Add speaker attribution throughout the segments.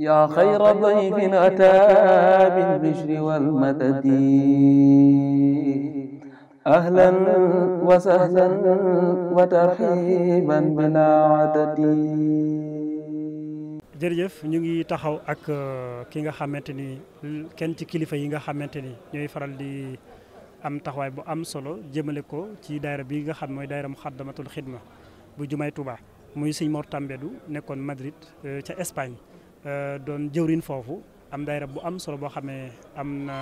Speaker 1: yaa xayra dayfin ataa bil bishri wal madadi ahlan wa sahlan wa tarxiiban bilaa adadi jërëjëf ñu ngi taxaw ak ki nga xamante ni kenn ci kilifa yi nga xamante ni ñooy faral di am taxawaay bu am solo jëmale ko ci daayira bi nga xam mooy daayira Muxaddamatul Xidma bu Jumaay tubaa muy Sëñ Mor Tambédou nekkoon Madrid euh, ca Espagne Euh, doon jëwriñ foofu am daayira bu am solo boo xam ne am na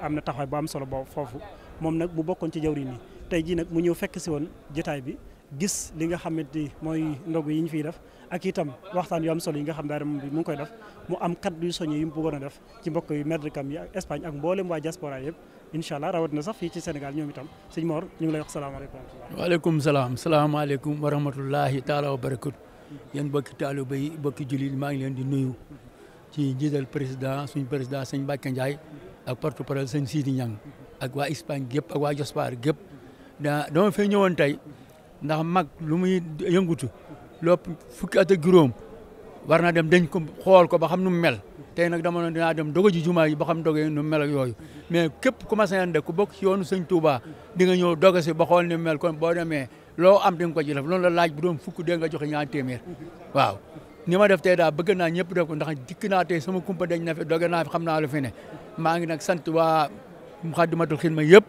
Speaker 1: am na taxawaay bu am solo boo foofu moom nag bu bokkoon ci jëwriñ yi tey jii nag mu ñëw fekk si woon jotaay bi gis li nga xamante ni mooy ndogu yi ñu fiy def ak itam waxtaan yu am solo yi nga xam daayira moom bi koy def mu am kaddu yu soññee mu bëggoon a def ci mbokk yu Madelcam yi ak Espagne ak mboolem waa diaspora yëpp incha allah rawatina sax fii ci Sénégal ñoom itam sëñ Mor ñu ngi lay wax salaamaaleykum.
Speaker 2: alekum salaam salaamaaleykum wa rahmatulahi taala wa barakatu. yéen bokki taalibe yi bokki jullit maa ngi leen di nuyu ci njiital président suñ président sëñ Mbacke Ndiaye ak porte-parole sëñ Sidi Niang ak waa Espagne gépp ak waa Jospar gépp da dama fee ñëwoon tey ndax mag lu muy yëngutu lopp fukki at ak juróom war naa dem dañ ko xool ko ba xam nu mu mel tey nag dama doon dinaa dem dogo ji jumaa yi ba xam doge nu mel ak yooyu mais képp ku ma seen ku bokk ci yoonu sëñ Touba di nga ñëw doge si ba xool ni mu mel kon boo demee loo am di nga ko ci def loolu la laaj bu doon fukk dee nga joxe ñaari téeméer waaw ni ma def tey daal bëgg naa ñëpp def ko ndax dikk naa tey sama kumpa dañ na fi doge naa fi xam naa lu fi ne maa ngi nag sant waa Muxaddamatul Xidma yëpp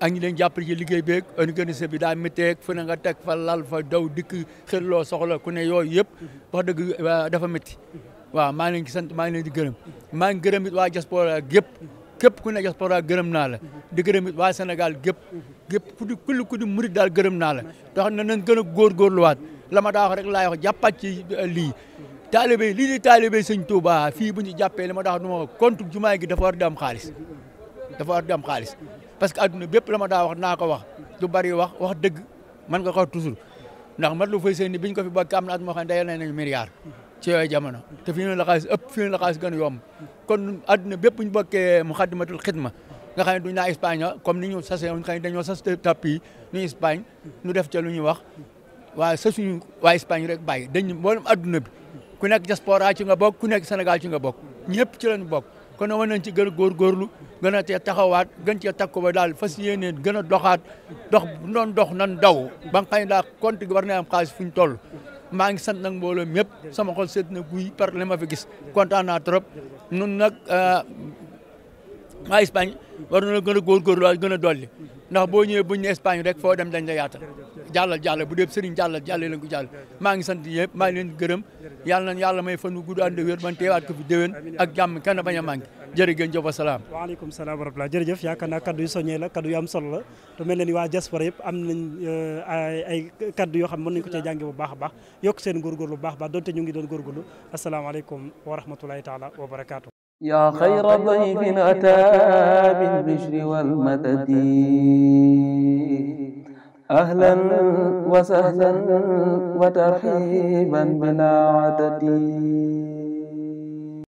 Speaker 2: ak ñi leen jàppale ci liggéey beeg organisé bi daa métteeg fu ne nga teg fa lal fa daw dikk xëlloo soxla ku ne yooyu yëpp wax dëgg dafa métti waaw maa ngi leen sant maa ngi leen di gërëm maa ngi gërëm it waa diaspora yëpp képp ku ne diaspora gërëm naa la di gërëm it waa senegal gépp gépp ku di ku di murit daal gërëm naa la te xam ne nañ gën a góorgóorluwaat la ma daa wax rek laay wax jàppaat ci euh, lii taalibe lii di taalibe sëñ Touba fii bu ñu jàppee li ma daa wax du ma compte jumaa gi dafa war di am xaalis dafa war di xaalis parce que adduna bépp la ma daa wax naa ko wax du bari wax wax dëgg mën nga ko toujours ndax mat lu fay seen ni biñ ko fi bokk am na at moo xam ne dayal nañ ci yooyu jamono te fi ñu la xaalis ëpp fi ñu la xaalis gën a yomb kon adduna bépp ñu bokkee Muxaddamatul Xidma nga xam ne duñ naa Espagne comme ni ñu sasee woon xam ne dañoo sas tapis yi ñu Espagne ñu def ca lu ñuy wax waaye sasuñu waa Espagne rek bàyyi dañ mboolem adduna bi ku nekk diaspora ci nga bokk ku nekk Sénégal ci nga bokk ñëpp ci lañ bokk kon war nañ ci gën a góorgóorlu gën a cee taxawaat gën cee takku ba daal fas yéenee gën a doxaat dox bu doon dox nan daw ba nga xam ne daal compte gi war na am xaalis fu ñu toll maa ngi sant nag mbooloo mépp sama xol seet na guy par li ma fi gis kontaan naa trop nun nag waa ah, Espagne war na la gën a góorgóorlu gën a dolli ndax boo ñëwee buñ ne Espagne rek foo dem dañ la yaatal jàllal jàllal bu dee sëriñ jàllal jàllal lañ ko maa ngi sant maa ngi leen gërëm yàlla na yàlla may fan wu a ànd wér man teewaat ko fi déwén ak jàmm kenn bañ a manqué jërëgéen jëf a waaleykum salaam wa rahmatulah jërëjëf
Speaker 1: yaakaar naa kaddu yu soññee la kaddu yu am solo la te mel na ni waa diaspora yëpp am nañ euh, ay kaddu yoo xam mën nañ ko cee jànge bu baax baax yokk seen góorgóorlu bu baax a baax ñu ngi doon góorgóorlu asalaamaaleykum wa rahmatulahi taala wa barakaatu yaa xayra dayfin ataa bil bishri wal madadi ahlan wa sahlan wa